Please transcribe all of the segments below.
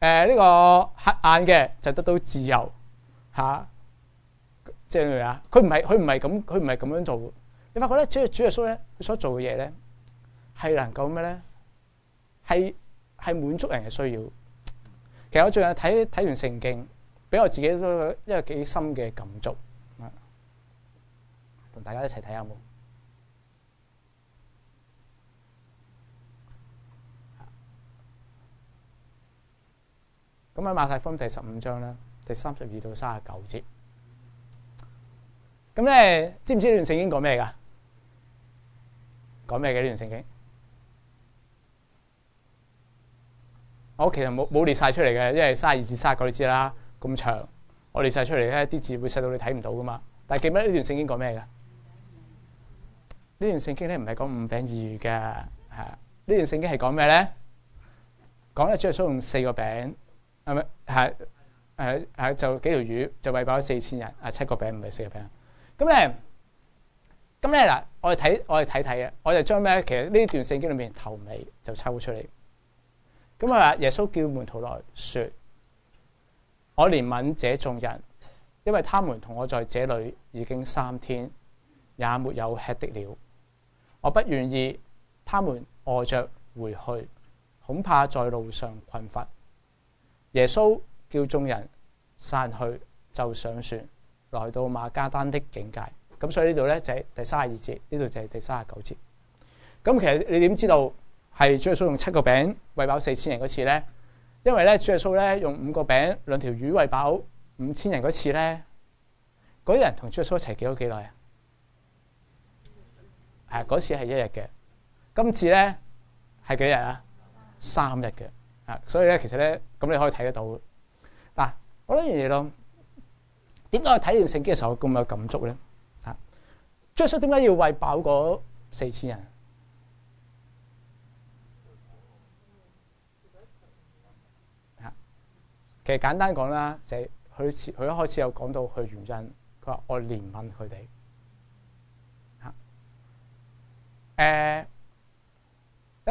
誒，呢個黑暗嘅就得到自由，吓，即係明啊？佢唔係佢唔係咁佢唔係咁樣做。你發覺咧，主主耶穌咧，佢所做嘅嘢咧，係能夠咩咧？係係滿足人嘅需要。其實我最近睇睇完聖經，俾我自己一個一個幾深嘅感觸。啊，同大家一齊睇下冇。咁喺馬太福音第十五章咧，第三十二到卅九節。咁咧，知唔知呢段聖經講咩噶？講咩嘅呢段聖經？我其實冇冇列晒出嚟嘅，因為卅二至卅九你知啦，咁長，我列晒出嚟咧，啲字會細到你睇唔到噶嘛。但係記唔記得呢段聖經講咩噶？呢段聖經咧唔係講五餅二魚噶，吓，呢段聖經係講咩咧？講咧主要使用四個餅。係、嗯、咪？係誒誒，就幾條魚就餵飽咗四千人啊，七個餅唔係四個餅。咁、嗯、咧，咁咧嗱，我哋睇我哋睇睇嘅，我哋將咩？其實呢段聖經裏面頭尾就抽出嚟。咁、嗯、啊、嗯，耶穌叫門徒來說：我憐憫這眾人，因為他們同我在這裏已經三天，也沒有吃的了。我不願意他們餓着回去，恐怕在路上困乏。耶穌叫眾人散去，就上船，來到馬加丹的境界。咁所以呢度咧就係第三十二節，呢度就係第三十九節。咁其實你點知道係主耶穌用七個餅喂飽四千人嗰次咧？因為咧，主耶穌咧用五個餅兩條魚喂飽五千人嗰次咧，嗰啲人同主耶穌一齊幾多幾耐啊？係嗰次係一日嘅，今次咧係幾日啊？三日嘅。所以咧，其實咧，咁你可以睇得到。嗱、啊，好多樣嘢咯。點解我睇完聖經嘅時候咁有感觸咧？啊，耶穌點解要餵飽嗰四千人？啊，其實簡單講啦，就係佢佢一開始有講到佢原因，佢話我憐憫佢哋。啊，誒、呃。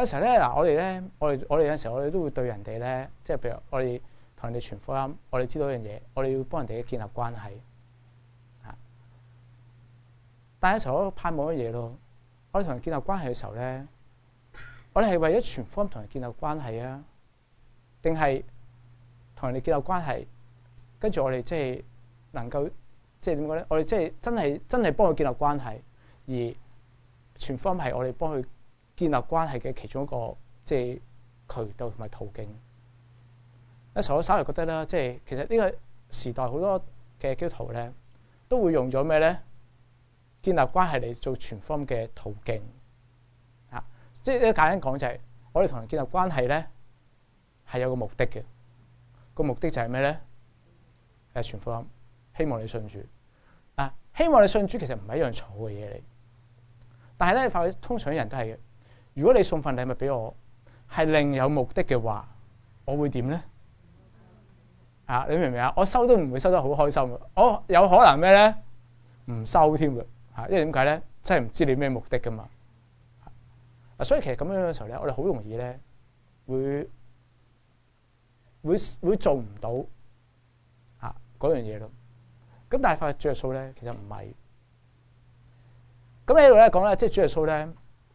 時呢呢有時候咧，嗱，我哋咧，我哋我哋有時候，我哋都會對人哋咧，即係譬如我哋同人哋傳福音，我哋知道一樣嘢，我哋要幫人哋建立關係。但係有時候我都盼望一樣嘢咯。我哋同人建立關係嘅時候咧，我哋係為咗傳福音同人建立關係啊，定係同人哋建立關係，跟住我哋即係能夠，即係點講咧？我哋即係真係真係幫佢建立關係，而傳福音係我哋幫佢。建立關係嘅其中一個即係渠道同埋途徑。啊，所以我稍微覺得啦。即係其實呢個時代好多嘅基督徒咧，都會用咗咩咧建立關係嚟做全方嘅途徑。啊，即係簡單講就係，是，我哋同人建立關係咧係有個目的嘅。個目的就係咩咧？係、啊、全方希望你信主啊，希望你信主其實唔係一樣錯嘅嘢嚟。但係咧，你發覺通常人都係。如果你送份禮物俾我，係另有目的嘅話，我會點咧？啊，你明唔明啊？我收都唔會收得好開心嘅，我有可能咩咧？唔收添嘅，吓，因為點解咧？真係唔知你咩目的噶嘛。啊，所以其實咁樣嘅時候咧，我哋好容易咧，會會會做唔到啊嗰樣嘢咯。咁但係主耶穌咧，其實唔係。咁喺度咧講咧，即係主耶穌咧。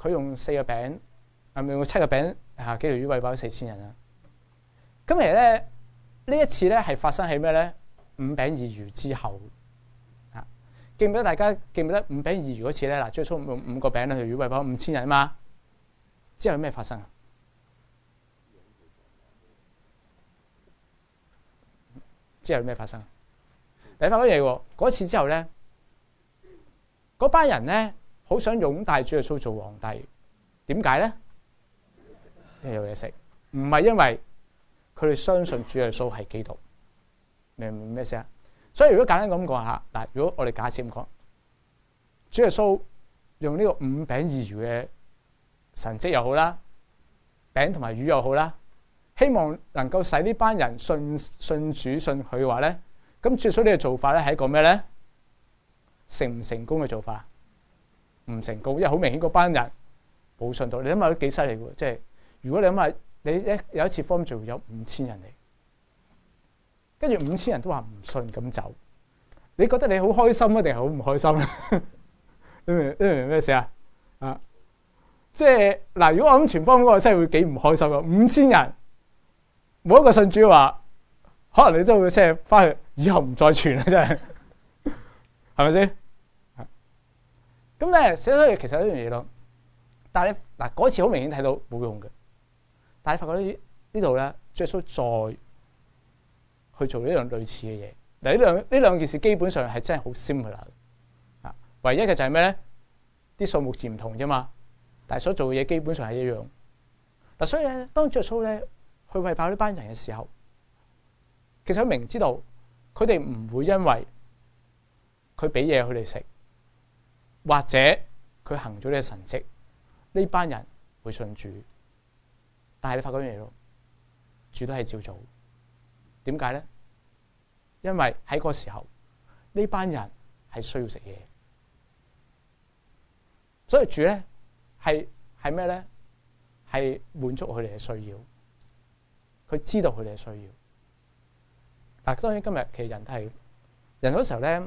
佢用四個餅，啊，用七個餅，啊，幾條魚餵飽四千人啦。咁其實咧，呢一次咧係發生喺咩咧？五餅二魚之後，啊，記唔記得大家記唔記得五餅二魚嗰次咧？嗱，最初五五個餅兩條魚餵飽五千人啊嘛。之後有咩發生啊？之後有咩發生啊？你發乜嘢喎！嗰次之後咧，嗰班人咧，好想擁戴主耶穌做皇帝，點解咧？因為有嘢食，唔係因為佢哋相信主耶穌係基督，明唔明咩先啊？所以如果簡單咁講下，嗱，如果我哋假設咁講，主耶穌用呢個五餅二魚嘅神跡又好啦，餅同埋魚又好啦，希望能夠使呢班人信信主信佢嘅話咧，咁主耶穌呢個做法咧係一個咩咧？成唔成功嘅做法？唔成功，因為好明顯嗰班人冇信到。你諗下都幾犀利喎！即係如果你諗下，你咧有一次方傳有五千人嚟，跟住五千人都話唔信咁走，你覺得你好開心啊，定係好唔開心咧？ 你明你明咩事啊？啊！即係嗱，如果我諗前方嗰個真係會幾唔開心咯。五千人冇一個信主話，可能你都會即係翻去以後唔再傳啦，真係係咪先？咁咧，寫出嚟其實一樣嘢咯。但係你嗱嗰次好明顯睇到冇用嘅。但係你發覺呢呢度咧，耶穌再去做呢樣類似嘅嘢。嗱呢兩呢兩件事基本上係真係好 similar 嘅。啊，唯一嘅就係咩咧？啲數目字唔同啫嘛。但係所做嘅嘢基本上係一樣。嗱，所以咧，當耶穌咧去餵飽呢班人嘅時候，其實佢明知道佢哋唔會因為佢俾嘢佢哋食。或者佢行咗你嘅神蹟，呢班人會信主，但係你發覺一樣嘢咯，主都係照做。點解咧？因為喺嗰個時候，呢班人係需要食嘢，所以主咧係係咩咧？係滿足佢哋嘅需要，佢知道佢哋嘅需要。但係當然今日其實人都係人嗰時候咧，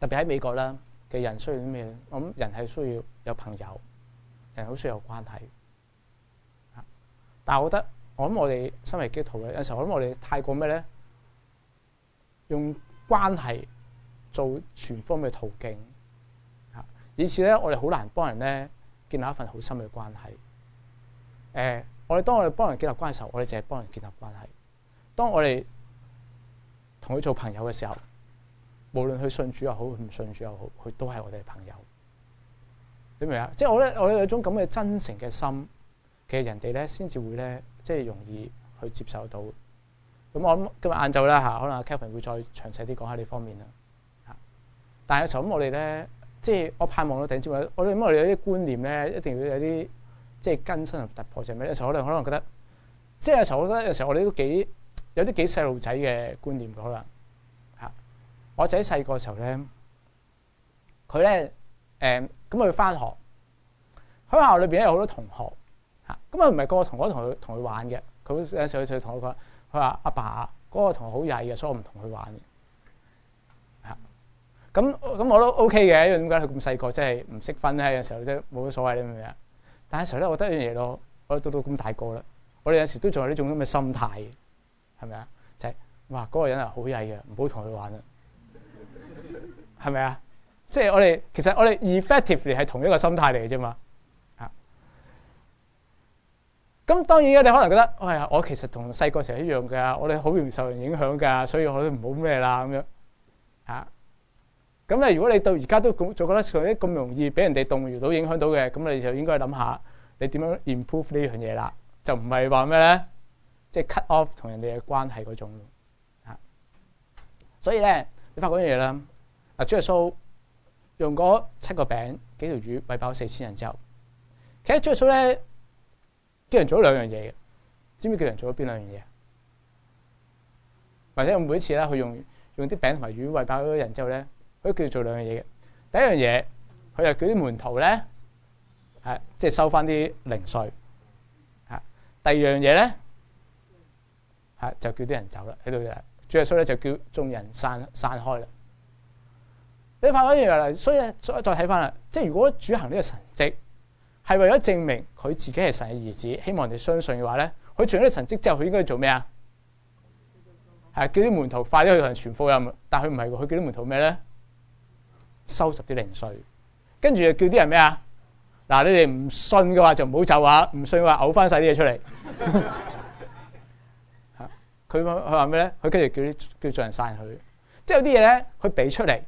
特別喺美國啦。嘅人需要啲咩咧？我諗人係需要有朋友，人好需要有關係。但係我覺得，我諗我哋身為基督徒咧，有時候我諗我哋太過咩咧？用關係做全方位嘅途徑。以此咧，我哋好難幫人咧建立一份好深嘅關係。誒，我哋當我哋幫人建立關係嘅時候，我哋淨係幫人建立關係。當我哋同佢做朋友嘅時候。無論佢信主又好，佢唔信主又好，佢都係我哋嘅朋友。你明唔明啊？即係我咧，我有一種咁嘅真誠嘅心，其實人哋咧先至會咧，即係容易去接受到的。咁、嗯、我諗今日晏晝咧吓，可能 Kevin 會再詳細啲講下呢方面啦。吓，但係有時候咁，我哋咧，即係我盼望到頂知我，我諗我哋有啲觀念咧，一定要有啲即係更新同突破，就係咩咧？有時候可能可能覺得，即係有時候我覺得有時候我哋都幾有啲幾細路仔嘅觀念，可能。我仔細個時候咧，佢咧誒咁佢翻學，喺學校裏邊有好多同學嚇，咁啊唔係個個同學同佢同佢玩嘅。佢有陣時佢同我講：佢話阿爸嗰個同學好曳嘅，所以我唔同佢玩嘅嚇。咁咁我都 O K 嘅，因為點解佢咁細個，即係唔識分咧。有陣時候即係冇乜所謂啦，係咪啊？但係有時候咧，我覺得一樣嘢咯，我到到咁大個啦，我哋有時都仲有呢種咁嘅心態，係咪啊？就係哇嗰個人啊好曳嘅，唔好同佢玩啦。係咪啊？即係我哋，其實我哋 effectively 係同一個心態嚟嘅啫嘛。啊，咁當然咧，你可能覺得，喂、哎，我其實同細個時候一樣噶，我哋好容易受人影響噶，所以我都唔好咩啦咁樣。啊，咁咧，如果你到而家都仲覺得咁容易俾人哋動搖到、影響到嘅，咁你就應該諗下你點樣 improve 呢樣嘢啦。就唔係話咩咧，即係 cut off 同人哋嘅關係嗰種、啊。所以咧，你發覺嗰樣嘢啦。主耶穌用嗰七個餅幾條魚餵飽四千人之後，其實主耶穌咧啲人做咗兩樣嘢嘅，知唔知叫人做咗邊兩樣嘢？或者我每次咧，佢用用啲餅同埋魚餵飽咗啲人之後咧，佢都叫做做兩樣嘢嘅。第一樣嘢，佢又叫啲門徒咧，係、啊、即係收翻啲零碎。嚇、啊，第二樣嘢咧，嚇、啊、就叫啲人走啦，喺度就主耶穌咧就叫眾人散散開啦。你睇翻原來，所以再睇翻啦。即係如果主行呢個神跡係為咗證明佢自己係神嘅兒子，希望人哋相信嘅話咧，佢做咗啲神跡之後，佢應該做咩啊？係叫啲門徒快啲去同人傳福音。但係佢唔係喎，佢叫啲門徒咩咧？收拾啲零碎，跟住又叫啲人咩啊？嗱，你哋唔信嘅話就唔好走啊！唔信嘅話嘔翻晒啲嘢出嚟。佢佢話咩咧？佢跟住叫啲叫眾人散佢，即係有啲嘢咧，佢俾出嚟。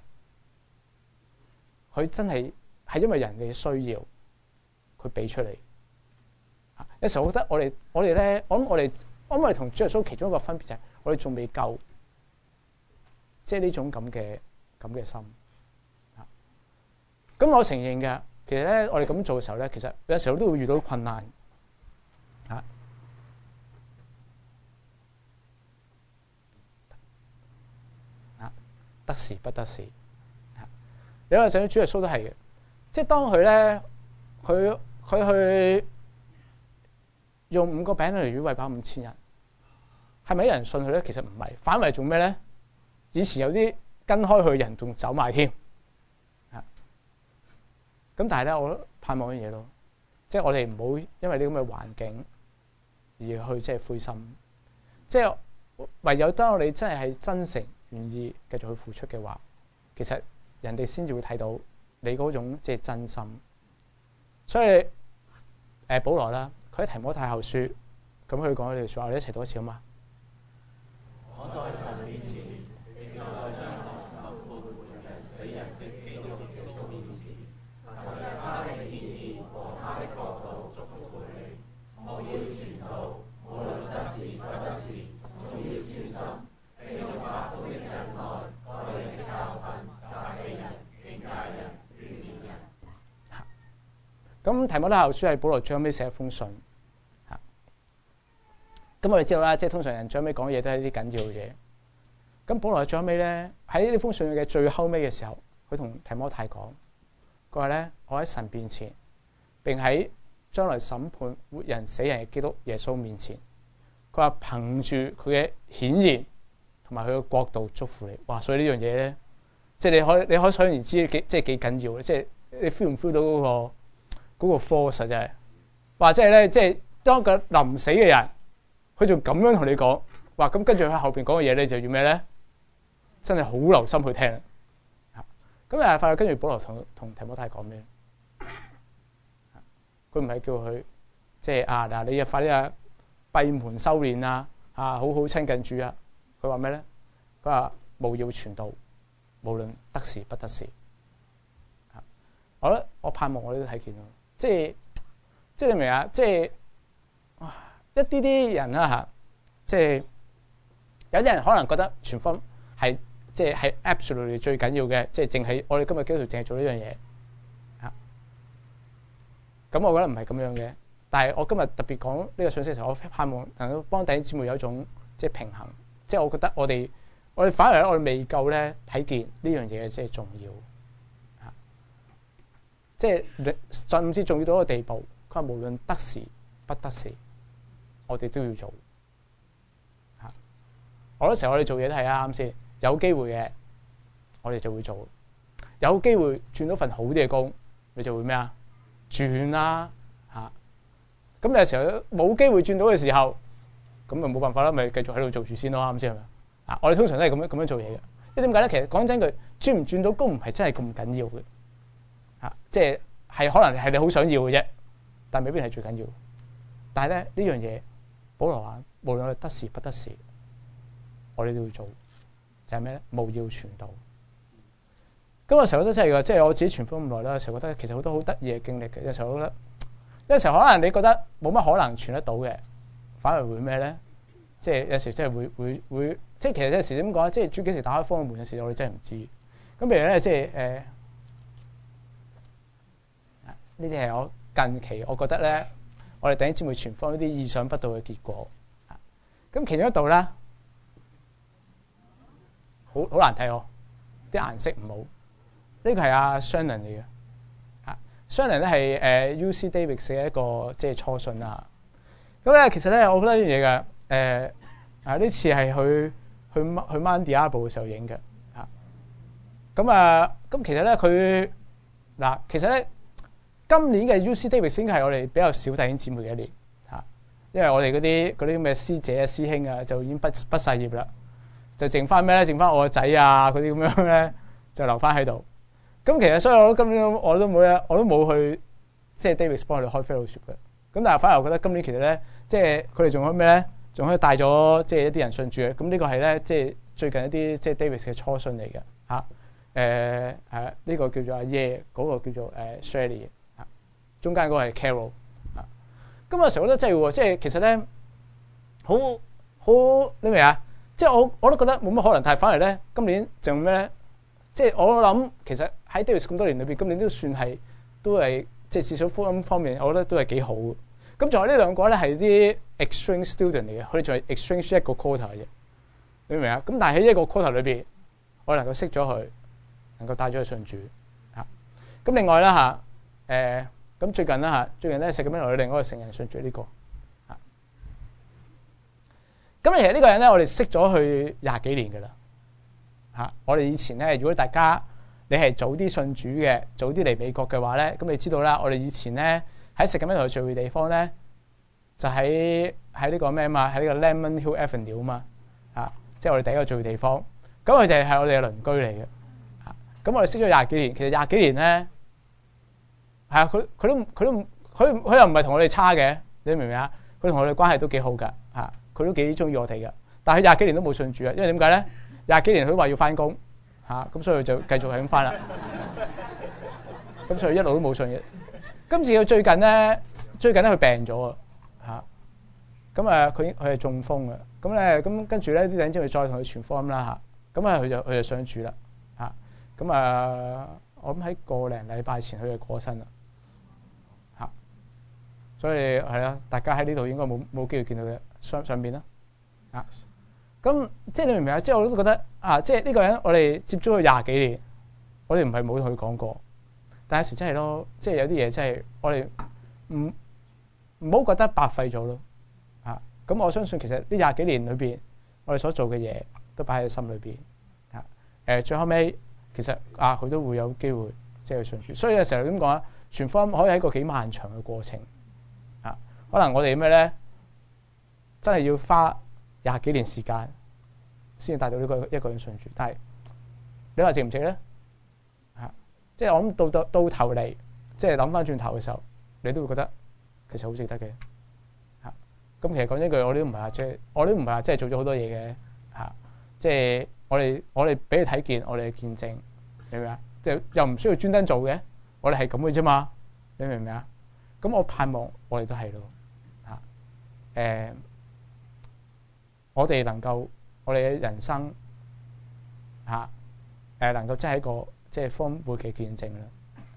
佢真係係因為人哋嘅需要，佢俾出嚟。有時候我覺得我哋我哋咧，我諗我哋我諗我哋同耶穌其中一個分別就係，我哋仲未夠，即係呢種咁嘅咁嘅心。咁我承認嘅，其實咧我哋咁做嘅時候咧，其實有時候都會遇到困難。啊，得時不得時。有個神主耶穌都係嘅，即係當佢咧，佢佢去用五個餅一條魚餵飽五千人，係咪有人信佢咧？其實唔係，反為做咩咧？以前有啲跟開佢嘅人仲走埋添啊！咁、嗯、但係咧，我都盼望嘅嘢咯，即係我哋唔好因為呢啲咁嘅環境而去即係灰心，即係唯有當我哋真係係真誠願意繼續去付出嘅話，其實。人哋先至會睇到你嗰種即係、就是、真心，所以、呃、保羅啦，佢喺提摩太後書，咁佢講佢哋嘅說話：你一齊讀一次吖嘛？好嗎？我提摩太後書係保羅最尾寫一封信，吓，咁我哋知道啦，即係通常人最尾講嘢都係啲緊要嘅嘢，咁保羅最尾咧喺呢封信嘅最後尾嘅時候，佢同提摩太講，佢話咧，我喺神面前，並喺將來審判活人死人嘅基督耶穌面前，佢話憑住佢嘅顯現同埋佢嘅國度祝福你，哇！所以呢樣嘢咧，即係你可以你可以想而知幾即係幾緊要嘅，即係你 feel 唔 feel 到嗰、那個？嗰個科學就係，話即係咧，即係當個臨死嘅人，佢仲咁樣同你講，話咁跟住佢後邊講嘅嘢咧就要咩咧？真係好留心去聽、嗯不是是，啊！咁你快，跟住保羅同同提摩太講咩？佢唔係叫佢即係啊嗱，你要快啲啊閉門修煉啊，啊好好親近主啊！佢話咩咧？佢話務要傳道，無論得時不得時。好、嗯、我我盼望我哋都睇見到即係，即係你明啊！即係，一啲啲人啦嚇，即係有啲人可能覺得傳福音係即係係 absolutely 最緊要嘅，即係淨係我哋今日基督徒淨係做呢樣嘢啊！咁我覺得唔係咁樣嘅，但係我今日特別講呢個信息嘅時候，我盼望能夠幫弟兄姊妹有一種即係平衡，即係我覺得我哋我哋反而咧，我哋未夠咧睇見呢樣嘢即係重要。即係你甚至仲要到一個地步，佢話無論得時不得時，我哋都要做吓。好多時候成日我哋做嘢都係啊，啱先有機會嘅，我哋就會做。有機會轉到份好啲嘅工，你就會咩啊？轉啦吓。咁有時候冇機會轉到嘅時候，咁就冇辦法啦，咪繼續喺度做住先咯，啱先係咪啊？我哋通常都係咁樣咁樣做嘢嘅。即係點解咧？其實講真句，轉唔轉到工唔係真係咁緊要嘅。即係係可能係你好想要嘅啫，但未必係最緊要的。但係咧，呢這樣嘢，保羅話無論係得時不得時，我哋都要做，就係咩咧？務要傳道。咁有成日都真係，即係我自己傳福音咁耐啦。有時候覺得其實好多好得意嘅經歷嘅，有時候覺得，有時候可能你覺得冇乜可能傳得到嘅，反而會咩咧？即係有時真係會會會，即係其實有時點講，即係諸幾時打開方門嘅時候，我哋真係唔知道。咁譬如咧，即係誒。呃呢啲係我近期，我覺得咧，我哋突然之間會出現一啲意想不到嘅結果。咁其中一度咧，好好難睇哦，啲顏色唔好。呢、這個係阿 Shannon 嚟嘅，啊，Shannon 咧係誒 UC Davis 嘅一個即係、就是、初信啦。咁咧其實咧，我覺得呢樣嘢嘅誒啊呢次係去去去 Monday 下午嘅時候影嘅啊。咁啊，咁其實咧佢嗱，其實咧。今年嘅 U C Davis 先係我哋比較少弟兄姊妹嘅一年嚇，因為我哋嗰啲嗰啲咁嘅師姐師兄啊就已經畢畢曬業啦，就剩翻咩咧？剩翻我個仔啊嗰啲咁樣咧就留翻喺度。咁其實所以我都今年我都冇咧，我都冇去即係、就是、Davis 幫佢哋開 Fellowship 嘅。咁但係反而我覺得今年其實咧，即係佢哋仲可以咩咧？仲可以帶咗即係一啲人信主嘅。咁呢個係咧即係最近一啲即係 Davis 嘅初信嚟嘅嚇。誒係呢個叫做阿耶嗰個叫做誒 Shirley 中間嗰個係 Caro 啊，咁有時候覺得真係喎，即係其實咧好好你明啊？即係我我都覺得冇乜可能，但係反而咧今年就咩？即係我諗其實喺 David 咁多年裏邊，今年也算是都算係都係即係至少福音方面，我覺得都係幾好嘅。咁、嗯、仲有呢兩個咧係啲 exchange student 嚟嘅，佢哋仲係 exchange 一個 quarter 嘅，你明唔明啊？咁、嗯、但係喺一個 quarter 裏邊，我能夠識咗佢，能夠帶咗佢上主啊。咁、嗯、另外咧吓。誒、啊。嗯咁最近啦嚇，最近咧食咁樣同去，另外一個成人信主呢、呢個嚇。咁、嗯、其實呢個人咧，我哋識咗佢廿幾年嘅啦嚇。我哋以前咧，如果大家你係早啲信主嘅，早啲嚟美國嘅話咧，咁你知道啦，我哋以前咧喺食咁樣同佢聚會地方咧，就喺喺呢個咩啊嘛，喺呢個 Lemon Hill Avenue 啊嘛嚇、嗯嗯，即係我哋第一個聚會地方。咁佢哋係我哋嘅鄰居嚟嘅。咁我哋識咗廿幾年，其實廿幾年咧。係啊，佢佢都佢都佢佢又唔係同我哋差嘅，你明唔明啊？佢同我哋關係都幾好噶吓佢都幾中意我哋噶但係佢廿幾年都冇信主啊，因為點解咧？廿幾年佢都話要翻工，吓、啊、咁所以佢就繼續係咁翻啦。咁、 啊、所以一路都冇信嘅。今次佢最近咧，最近咧佢病咗啊，吓咁啊佢佢係中風嘅。咁咧咁跟住咧啲人先去再同佢傳福音啦吓。咁啊佢、啊、就佢就信主啦，吓咁啊，啊我諗喺個零禮拜前佢就過身啦。所以係啦，大家喺呢度應該冇冇機會見到嘅上上邊啦。啊，咁即係你明唔明啊？即係我都覺得啊，即係呢個人我哋接觸咗廿幾年，我哋唔係冇同佢講過，但有時真係咯，即係有啲嘢真係我哋唔唔好覺得白費咗咯。啊，咁我相信其實呢廿幾年裏邊我哋所做嘅嘢都擺喺心裏邊啊。誒，最後尾其實啊，佢都會有機會即係去信主。所以有時候點講啊？傳福音可以係一個幾漫長嘅過程。可能我哋咩咧，真係要花廿幾年時間先至帶到呢個一個人信主。但係你話值唔值咧？吓、啊，即、就、係、是、我諗到到到頭嚟，即係諗翻轉頭嘅時候，你都會覺得其實好值得嘅吓。咁、啊、其實講一句，我哋都唔係話即係，我哋都唔係話即係做咗好多嘢嘅吓。即、啊、係、就是、我哋我哋俾你睇見，我哋見證，明唔明啊？係、就是、又唔需要專登做嘅，我哋係咁嘅啫嘛。你明唔明啊？咁我盼望我哋都係咯。誒、呃，我哋能夠我哋嘅人生嚇誒、啊啊，能夠即係一個即係豐富嘅見證啦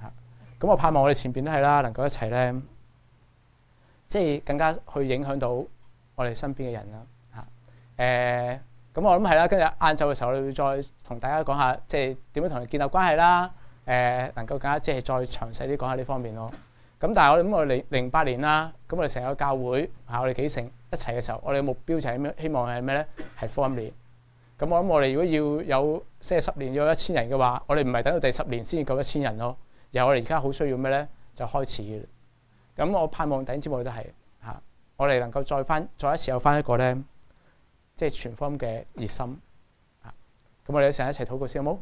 嚇。咁、啊、我盼望我哋前邊都係啦，能夠一齊咧，即係更加去影響到我哋身邊嘅人啦嚇。誒、啊，咁、啊嗯、我諗係啦，跟住晏晝嘅時候，我哋會再同大家講下，即係點樣同人建立關係啦。誒、啊，能夠更加即係再詳細啲講下呢方面咯。咁但係我諗我零零八年啦，咁我哋成個教會，吓我哋幾成一齊嘅時候，我哋目標就係咩？希望係咩咧？係科一年。咁我諗我哋如果要有即係十年要有一千人嘅話，我哋唔係等到第十年先夠一千人咯。而我哋而家好需要咩咧？就開始嘅。咁我盼望第二支都就係吓，我哋能夠再翻再一次有翻一個咧，即係全方嘅熱心。咁我哋一日一齊禱告先好。